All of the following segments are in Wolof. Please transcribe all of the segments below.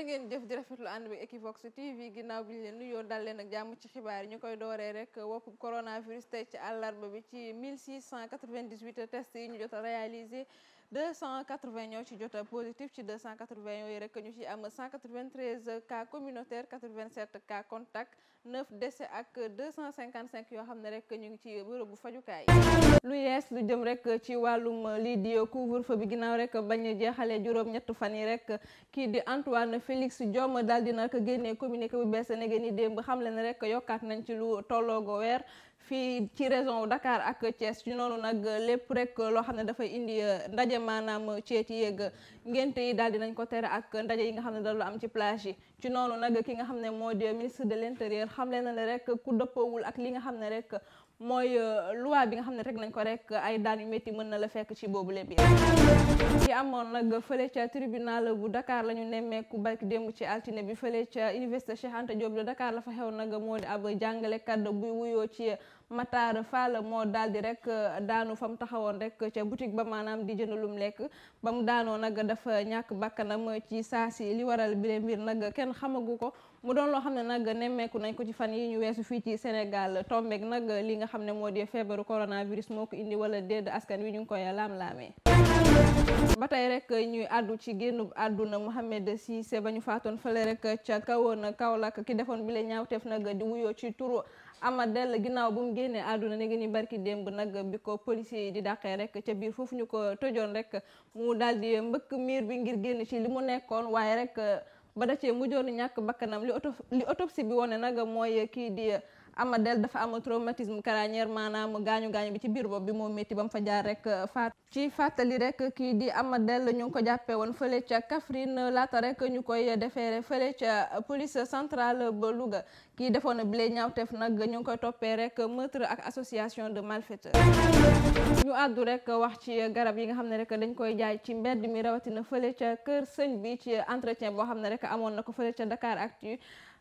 jërë ngeen jëf di rafetlu ànd bi Equivox TV ginnaaw bi ñu leen dal leen ak jàmm ci xibaar yi ñu koy dooree rek woppub coronavirus tey ci àllarba bi ci 1698 tests yi ñu jot a réalisé 280 ñoo ci jot a positif ci 280 yooyu rek ñu ci am 193 cas communautaire 87 cas contact 9 décès ak 255 yoo xam ne rek ñu ngi ci bërëbu fajukaay. lu yees lu jëm rek ci wàllum lii di couvre fa bi ginnaaw rek bañ a jeexalee juróom-ñett fan yi rek kii di Antoine Félix Diome daal di nag génnee communiqué bu bees ne ngeen ni démb xam leen rek yokkaat nañ ci lu tolloo go weer. fii ci région Dakar ak cees ci noonu nag lépp rek loo xam ne dafay indi euh, ndaje maanaam ceeti yegg ngénte yi daal nañ ko tere ak ndaje yi nga xam ne dalu am ci plage yi ci noonu nag ki nga xam ne moo di ministre de l'intérieur xam leen na ne rek ku dëppoowul ak li nga xam ne rek mooy euh, loi bi nga xam ne rek nañ ko rek ay daan yu métti mën na la fekk ci boobu lépp yi amoon nag fële ca tribunal bu dakaar la ñu nemmeeku barki démb ci altine bi fële ca université Cheikh joob Diop de la fa xew nag moo di ab jàngalekat buy wuyoo ci Matar Fall moo daal rek euh, daanu fa mu taxawoon rek ca boutique ba maanaam di jënd lum lekk ba mu daanoo nag dafa ñàkk bàkkanam ci saa si li waral bile mbir nag kenn xamagu ko mu doon loo xam ne nag nemmeeku nañ ko ci fan yi ñu weesu fii ci senegal tombeek nag li nga xam ne moo di feebaru coronavirus moo ko indi wala déed askan wi ñu ngi koy laam-laamee. ba tey rek ñuy àddu ci génn àdduna Mouhamed Cissé ba ñu faatoon fële rek ca kawoon Kaolack ki defoon bile ñaawteef ama dell ginnaaw bu mu génnee àdduna ne ni barki démb nag bi ko policier yi di daqee rek ca biir foofu ñu ko tojoon rek mu daal di mbëkk miir bi ngir génn ci li mu nekkoon waaye rek ba da cee mujjoon ñàkk bakkanam li auto li autopsie bi wone nag mooy kii di. ama dell dafa am traumatisme crânien maanaam gaañu gaañu bi ci biir bopp bi moo métti ba mu fa jaar rek euh, fat ci fàttali rek kii di ama dell ñu ngi ko jàppee woon fële ca Kaffrine euh, laata rek ñu koy defeere fële ca euh, police centrale ba Louga kii defoon bile ñaawteef nag ñu ngi koy toppee rek meurtre ak association de malfaiteurs. ñu àddu rek wax ci garab yi nga xam ne rek dañ koy jaay ci mbedd mi rawatina fële ca kër sëñ bi ci entretien boo xam ne rek amoon na ko fële ca Dakar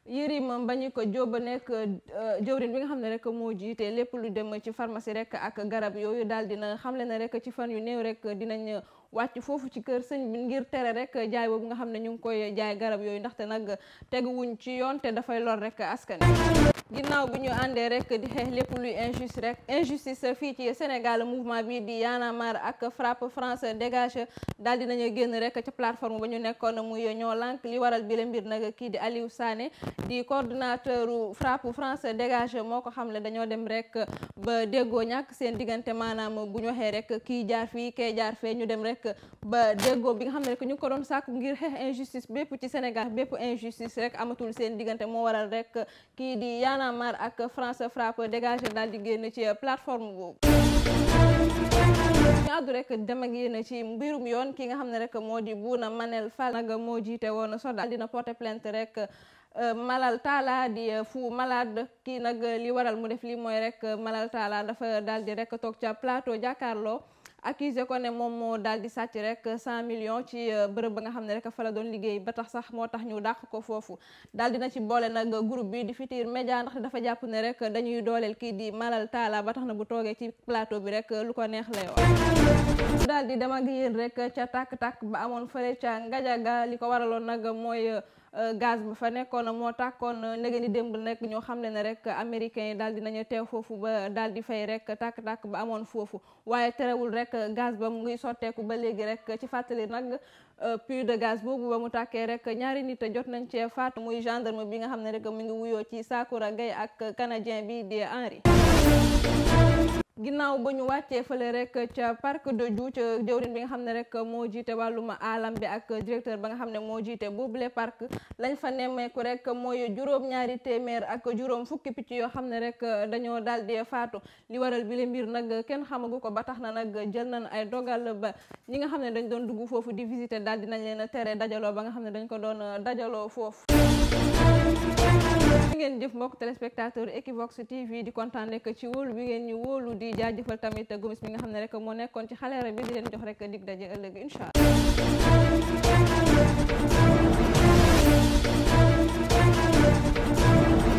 ko Mbagnick Diop nekk euh, jëwrin bi nga xam ne rek moo jiitee lépp lu dem ci pharmacie rek ak garab yooyu daal dina xamle na rek ci fan yu néew rek dinañ wàcc foofu ci kër sëñ bi ngir tere rek jaay boobu nga xam ne ñu ngi koy jaay garab yooyu ndaxte nag teguwuñ ci yoon te dafay lor rek askan ginnaaw bi ñu àndee rek di xeex lépp luy injuste rek injustice fii ci Sénégal mouvement bi di Y'en a marre ak FRAPP France dégage daal génn rek ca plateforme ba ñu nekkoon muy ñoo lànk li waral bi mbir nag kii di Aliou Sané di coordonnateur FRAPP France dégage moo ko xam ne dañoo dem rek ba déggoo ñàkk seen diggante maanaam bu ñu waxee rek kii jaar fii kee jaar fee ñu dem rek ba déggoo bi nga xam ne ñu ngi ko doon sàkku ngir xeex bépp ci Sénégal bépp injustice rek amatul seen diggante moo waral rek kii di Y'en a marre ak France frappe dégagé daal di génn ci plateforme boobu ñu àddu rek dem ak ci mbirum yoon ki nga xam ne rek moo di Bouna Manel Fall nag moo jiite woon Sodaal dina porter plainte rek euh, Malal Talla di Fou Malade nag li waral mu def li mooy rek Malal Talla dafa daal di rek toog ca plateau jàkkaarloo accusé ko ne moom moo daal di sàcc rek 100 millions ci euh, bërëb ba nga xam ne rek fa la doon liggéey ba tax sax moo tax ñu dàq ko foofu daal dina ci boole nag groupe bi di Futurs Médias ndax dafa jàpp ne rek dañuy dooleel kii di Malal Talla ba tax na bu toogee ci plateau bi rek lu ko neex lay wax daal di dem ak yéen rek ca tàkk-tàkk ba amoon fële ca Ngajaga li ko waraloon nag mooy euh, Euh, gaz bi fa nekkoon moo tàkkoon euh, ndege ni démb nekk ñoo xam ne ne rek américains yi dal di nañu teew foofu ba dal di fay rek tàkk-tàkk ba amoon foofu waaye terewul rek euh, gaz ba mu ngi sotteeku ba léegi rek ci fàttali nag puits de gaz boobu ba mu tàkkee rek ñaari nit a jot nañ cee faatu muy gendarme bi nga xam ne rek mu ngi wuyoo ci Sakura Gaye ak canadien bi di Henry ginnaaw ba ñu wàccee fële rek ca parc de Diou ca jëwrin bi nga xam ne rek moo jiite wàllum alam bi ak directeur ba nga xam ne moo jiite boobule parc lañ fa nemmeeku rek mooy juróom ñaari téeméer ak juróom fukki picc yoo xam ne rek dañoo daal di faatu li waral bi le mbir nag kenn xamagu ko ba tax na nag jël nañ ay dogal ba ñi nga xam ne dañ doon dugg foofu di visiter daal nañ leen tere dajaloo ba nga xam ne dañu ko doon dajaloo foofu ngeen jëf mbokk téléspectateur Equivox TV di kontaan nekk ci wóolu bi ngeen ñu wóolu di jaajëfal tamit gomis mi nga xam ne rek moo nekkoon ci xaleera bi di leen jox rek dig daje ëllëg incha allah